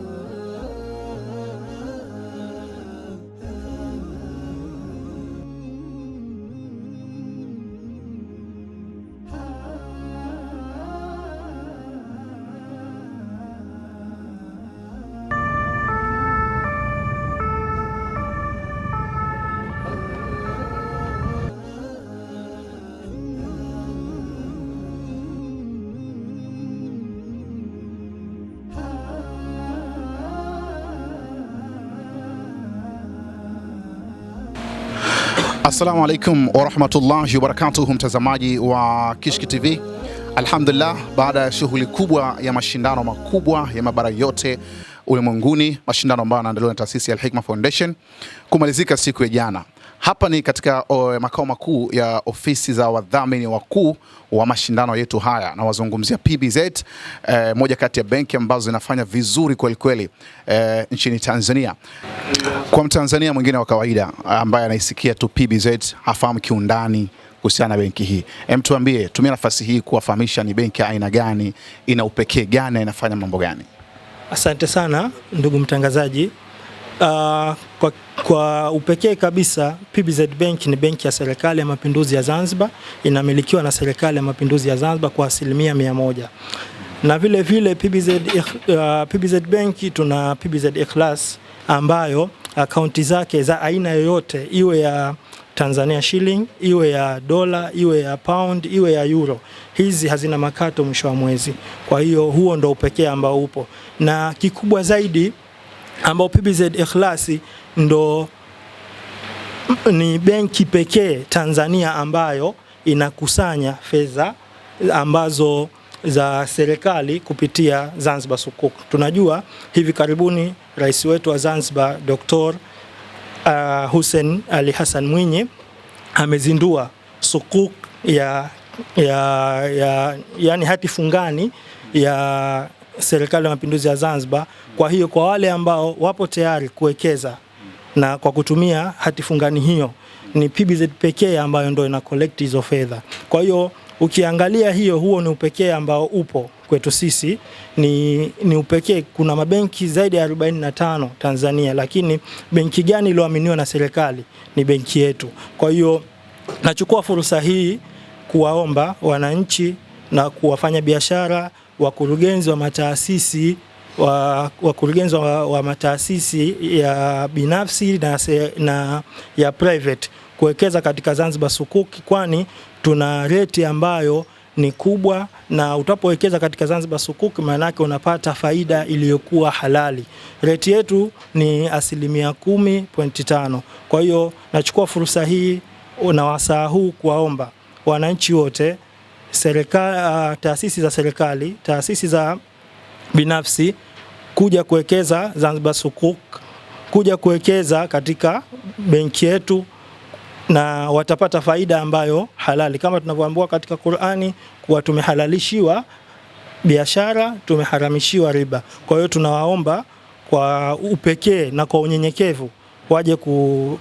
love. Assalamu alaikum warahmatullahi wabarakatuhu, mtazamaji wa Kishki TV. Alhamdulillah, baada ya shughuli kubwa ya mashindano makubwa ya mabara yote ulimwenguni, mashindano ambayo yanaandaliwa na taasisi ya Al Hikma Foundation kumalizika siku ya jana hapa ni katika makao makuu ya ofisi za wadhamini wakuu wa mashindano yetu haya, na wazungumzia PBZ eh, moja kati ya benki ambazo zinafanya vizuri kwelikweli eh, nchini Tanzania. Kwa mtanzania mwingine wa kawaida eh, ambaye anaisikia tu PBZ hafahamu kiundani kuhusiana na benki hii, hem, tuambie, tumia nafasi hii kuwafahamisha ni benki aina gani, ina upekee gani na inafanya mambo gani? Asante sana ndugu mtangazaji. Uh, kwa kwa upekee kabisa, PBZ Bank ni benki ya serikali ya mapinduzi ya Zanzibar, inamilikiwa na serikali ya mapinduzi ya Zanzibar kwa asilimia mia moja na vile vile PBZ, uh, PBZ Bank tuna PBZ Ikhlas ambayo akaunti zake za aina yoyote iwe ya Tanzania shilling iwe ya dola iwe ya pound iwe ya euro, hizi hazina makato mwisho wa mwezi. Kwa hiyo huo ndo upekee ambao upo, na kikubwa zaidi ambao PBZ Ikhlasi ndo ni benki pekee Tanzania ambayo inakusanya fedha ambazo za serikali kupitia Zanzibar Sukuk. Tunajua hivi karibuni rais wetu wa Zanzibar Dr. uh, Hussein Ali Hassan Mwinyi amezindua sukuk ya, ya, ya, yani hati fungani ya serikali ya mapinduzi ya Zanzibar. Kwa hiyo kwa wale ambao wapo tayari kuwekeza na kwa kutumia hati fungani hiyo, ni PBZ pekee ambayo ndio ina collect hizo fedha. Kwa hiyo ukiangalia hiyo, huo ni upekee ambao upo kwetu sisi, ni, ni upekee. Kuna mabenki zaidi ya 45 Tanzania, lakini benki gani iliyoaminiwa na serikali? Ni benki yetu. Kwa hiyo nachukua fursa hii kuwaomba wananchi na kuwafanya biashara wakurugenzi wa mataasisi wa, wakurugenzi wa, wa mataasisi ya binafsi na, na ya private kuwekeza katika Zanzibar Sukuki, kwani tuna reti ambayo ni kubwa, na utapowekeza katika Zanzibar Sukuki maana unapata faida iliyokuwa halali. Reti yetu ni asilimia kumi pointi tano. Kwa hiyo nachukua fursa hii na wasaa huu kuwaomba wananchi wote serikali, uh, ah, taasisi za serikali, taasisi za binafsi kuja kuwekeza Zanzibar Sukuk, kuja kuwekeza katika benki yetu na watapata faida ambayo halali, kama tunavyoambiwa katika Qur'ani kuwa tumehalalishiwa biashara, tumeharamishiwa riba. Kwa hiyo tunawaomba kwa upekee na kwa unyenyekevu waje ku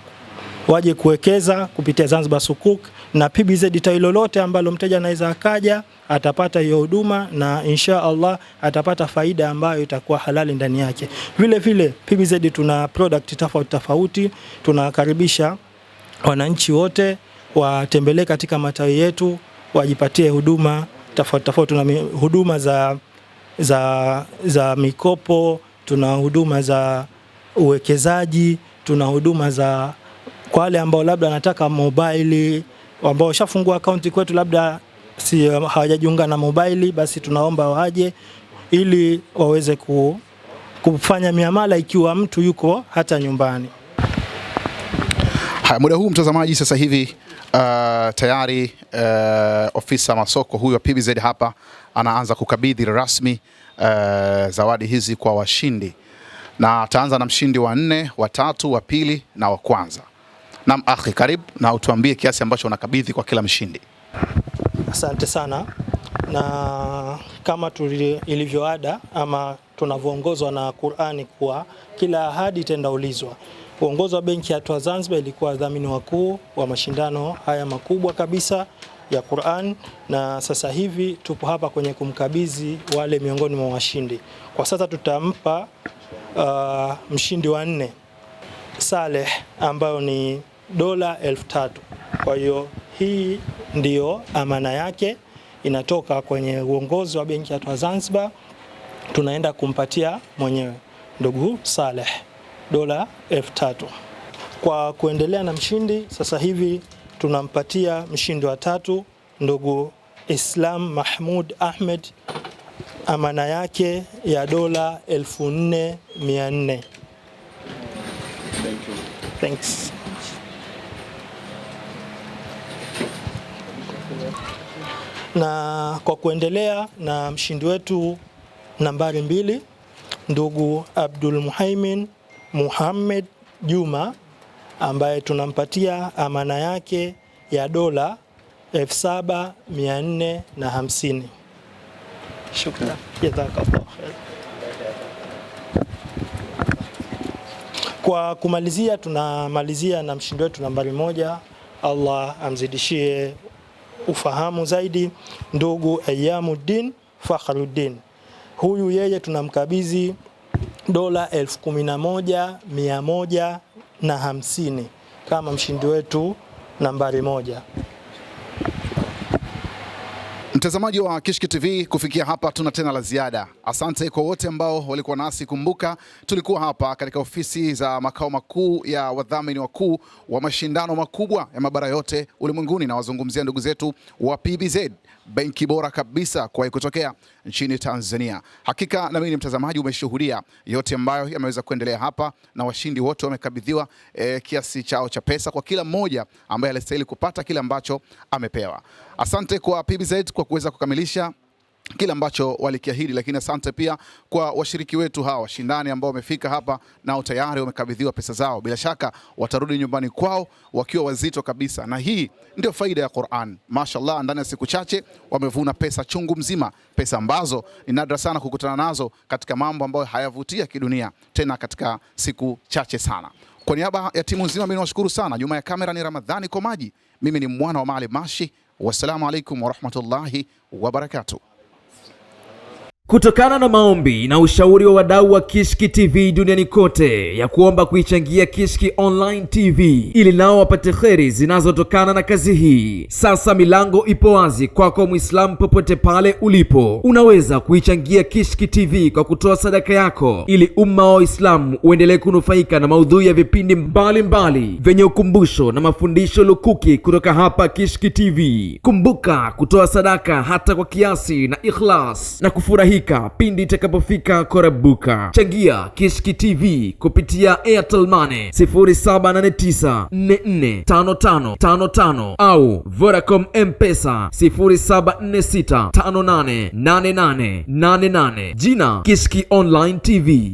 waje kuwekeza kupitia Zanzibar Sukuk na PBZ tawi lolote ambalo mteja anaweza akaja atapata hiyo huduma na insha Allah atapata faida ambayo itakuwa halali ndani yake. Vile vile PBZ tuna product tofauti tofauti, tunawakaribisha wananchi wote watembelee katika matawi yetu wajipatie huduma tofauti tofauti. Tuna huduma za, za, za mikopo, tuna huduma za uwekezaji, tuna huduma za kwa wale ambao labda wanataka mobile ambao washafungua akaunti kwetu, labda si eh, hawajajiunga na mobile, basi tunaomba waje ili waweze ku, kufanya miamala ikiwa mtu yuko hata nyumbani. Haya, muda huu mtazamaji, sasa hivi uh, tayari uh, ofisa masoko huyu wa PBZ hapa anaanza kukabidhi rasmi uh, zawadi hizi kwa washindi, na ataanza na mshindi wa nne, wa tatu, wa pili na wa kwanza. Naam akhi, karibu na utuambie kiasi ambacho unakabidhi kwa kila mshindi. Asante sana, na kama ilivyoada ama tunavyoongozwa na Qur'ani kuwa kila ahadi itendaulizwa. Uongozi wa Benki ya Watu Zanzibar ilikuwa wadhamini wakuu wa mashindano haya makubwa kabisa ya Qur'an, na sasa hivi tupo hapa kwenye kumkabidhi wale miongoni mwa washindi. Kwa sasa tutampa uh, mshindi wa nne Saleh ambayo ni dola elfu tatu. Kwa hiyo hii ndiyo amana yake inatoka kwenye uongozi wa benki ya Zanzibar, tunaenda kumpatia mwenyewe ndugu Saleh dola elfu tatu. Kwa kuendelea na mshindi, sasa hivi tunampatia mshindi wa tatu ndugu Islam Mahmud Ahmed amana yake ya dola elfu nne mia nne. Thanks. na kwa kuendelea na mshindi wetu nambari mbili ndugu Abdul Muhaimin Muhammad Juma ambaye tunampatia amana yake ya dola 7450. Shukrani. Kwa kumalizia tunamalizia na mshindi wetu nambari moja, Allah amzidishie ufahamu zaidi ndugu Ayamuddin Fakhruddin. Huyu yeye tunamkabidhi dola elfu kumi na moja mia moja na hamsini kama mshindi wetu nambari moja. Mtazamaji wa Kishki TV, kufikia hapa tuna tena la ziada. Asante kwa wote ambao walikuwa nasi. Kumbuka tulikuwa hapa katika ofisi za makao makuu ya wadhamini wakuu wa mashindano makubwa ya mabara yote ulimwenguni, na wazungumzia ndugu zetu wa PBZ benki bora kabisa kuwahi kutokea nchini Tanzania. Hakika na mimi ni mtazamaji, umeshuhudia yote ambayo yameweza kuendelea hapa, na washindi wote wamekabidhiwa e, kiasi chao cha pesa kwa kila mmoja ambaye alistahili kupata kile ambacho amepewa. Asante kwa PBZ kwa kuweza kukamilisha kile ambacho walikiahidi, lakini asante pia kwa washiriki wetu hawa washindani ambao wamefika hapa, nao tayari wamekabidhiwa pesa zao. Bila shaka watarudi nyumbani kwao wakiwa wazito kabisa, na hii ndio faida ya Qur'an. Mashallah, ndani ya siku chache wamevuna pesa chungu mzima, pesa ambazo ni nadra sana kukutana nazo katika mambo ambayo hayavutia kidunia, tena katika siku chache sana. Kwa niaba ya timu nzima, mimi nawashukuru sana. Nyuma ya kamera ni Ramadhani Komaji, mimi ni mwana wa Maalim Mashi. Wassalamu alaikum warahmatullahi wabarakatuh. Kutokana na maombi na ushauri wa wadau wa Kishki TV duniani kote ya kuomba kuichangia Kishki Online TV ili nao wapate kheri zinazotokana na kazi hii, sasa milango ipo wazi kwako, kwa Mwislamu popote pale ulipo, unaweza kuichangia Kishki TV kwa kutoa sadaka yako, ili umma wa Waislamu uendelee kunufaika na maudhui ya vipindi mbalimbali vyenye ukumbusho na mafundisho lukuki kutoka hapa Kishki TV. Kumbuka kutoa sadaka hata kwa kiasi na ikhlas na kufurahia kukubalika pindi itakapofika korabuka. Changia Kishki TV kupitia Airtel Money 0789445555 au Vodacom Mpesa 0746588888. Jina Kishki Online TV.